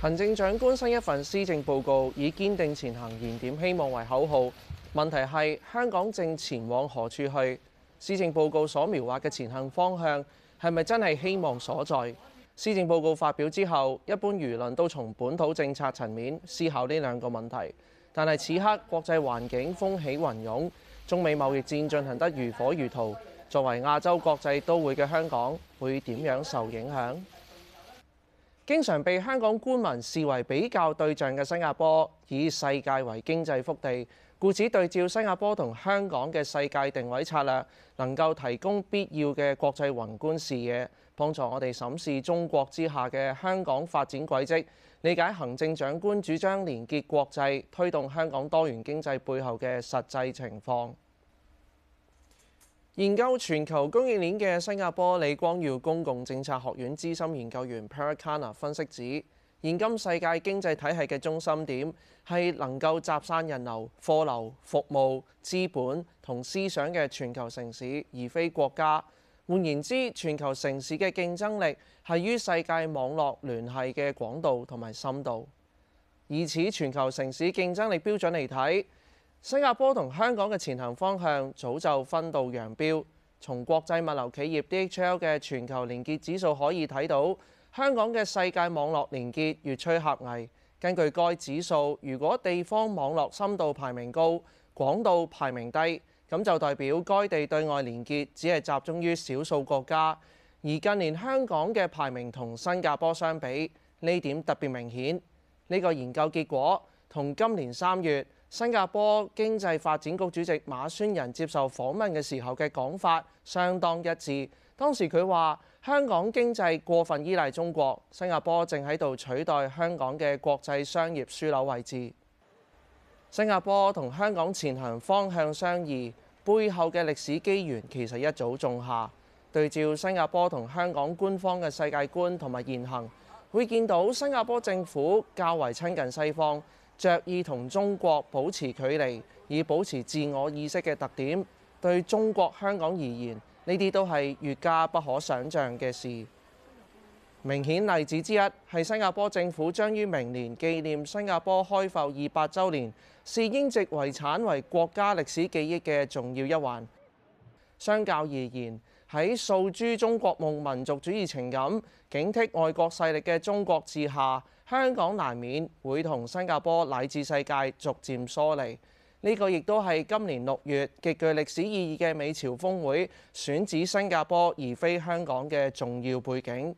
行政長官新一份施政報告以堅定前行、燃點希望為口號。問題係香港正前往何處去？施政報告所描畫嘅前行方向係咪真係希望所在？施政報告發表之後，一般輿論都從本土政策層面思考呢兩個問題。但係此刻國際環境風起雲湧，中美貿易戰進行得如火如荼，作為亞洲國際都會嘅香港會點樣受影響？經常被香港官民視為比較對象嘅新加坡，以世界為經濟腹地，故此對照新加坡同香港嘅世界定位策略，能夠提供必要嘅國際宏觀視野，幫助我哋審視中國之下嘅香港發展軌跡，理解行政長官主張連結國際，推動香港多元經濟背後嘅實際情況。研究全球供應鏈嘅新加坡李光耀公共政策學院資深研究員 Parag Khanna 分析指，現今世界經濟體系嘅中心點，係能夠集散人流、貨流、服務、資本同思想嘅全球城市，而非國家。換言之，全球城市嘅競爭力繫於世界網絡聯繫嘅廣度同埋深度。以此全球城市競爭力標準嚟睇。新加坡同香港嘅前行方向早就分道揚鑣。從國際物流企業 DHL 嘅全球連結指數可以睇到，香港嘅世界網絡連結越趨狹隘。根據該指數，如果地方網絡深度排名高，廣度排名低，咁就代表該地對外連結只係集中於少數國家。而近年香港嘅排名同新加坡相比，呢點特別明顯。呢個研究結果同今年三月新加坡經濟發展局主席馬宣仁接受訪問嘅時候嘅講法相當一致。當時佢話：香港經濟過分依賴中國，新加坡正喺度取代香港嘅國際商業樞紐位置。新加坡同香港前行方向相異，背後嘅歷史機緣其實一早種下。對照新加坡同香港官方嘅世界觀同埋言行，會見到新加坡政府較為親近西方。着意同中國保持距離，以保持自我意識嘅特點，對中國香港而言，呢啲都係愈加不可想象嘅事。明顯例子之一係新加坡政府將於明年紀念新加坡開埠二百週年，視英籍遺產為國家歷史記憶嘅重要一環。相較而言，喺訴諸中國夢、民族主義情感、警惕外國勢力嘅中國治下，香港難免會同新加坡乃至世界逐漸疏離。呢、這個亦都係今年六月極具歷史意義嘅美朝峰會選址新加坡而非香港嘅重要背景。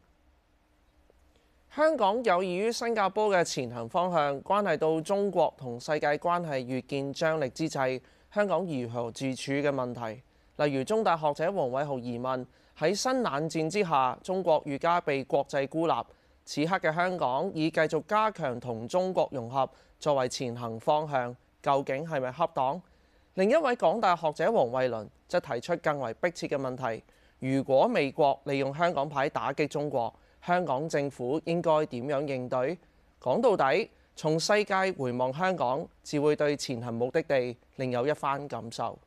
香港有異於新加坡嘅前行方向，關係到中國同世界關係愈見張力之際，香港如何自處嘅問題。例如，中大學者黃偉豪疑問：喺新冷戰之下，中國愈加被國際孤立，此刻嘅香港以繼續加強同中國融合作為前行方向，究竟係咪恰當？另一位港大學者黃慧倫則提出更為迫切嘅問題：如果美國利用香港牌打擊中國，香港政府應該點樣應對？講到底，從世界回望香港，自會對前行目的地另有一番感受。